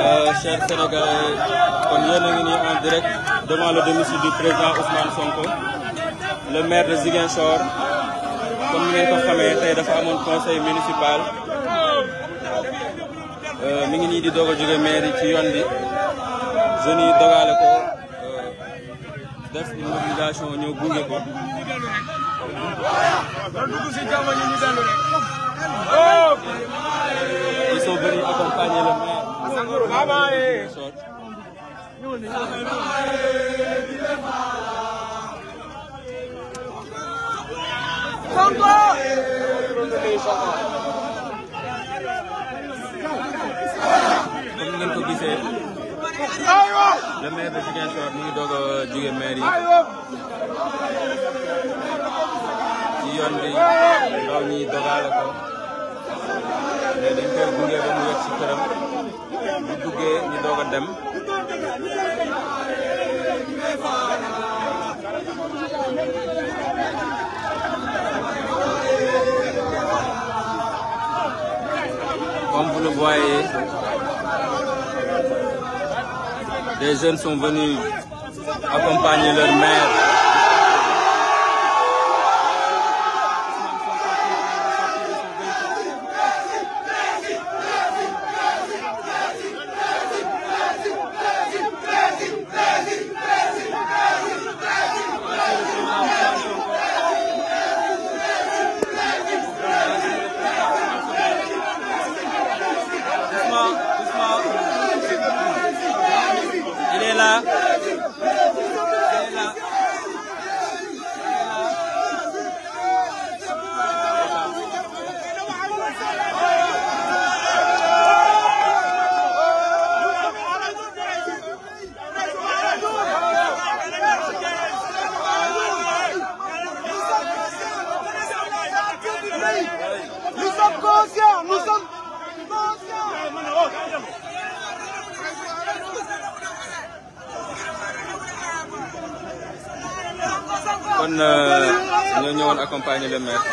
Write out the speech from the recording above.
Euh, chers Sénégalais kon yéen a ngi nii en direct devant le domicile du président Ousmane Sonko le maire de Ziguinchor comme ni ngeen ko xamee tey dafa amoon conseil municipal euh, mi ngi nii di doog jóge maire yi ci yoon bi jeunes yi dogaale ko euh, def une ñëw gunge ko. comme ngeen ko gisee le maire de Ziguinchor mu ngi doog a jóge maire yi ci yoon bi ndaw ñi dogaale ko mais dañ koy gunge ba mu yegg si këram dem vous le voyez des jeunes sont venus accompagner leur mère oui, nous sommes conscients, nous sommes conscients. kon euh, ñoo ñëwoon accompagner le maire.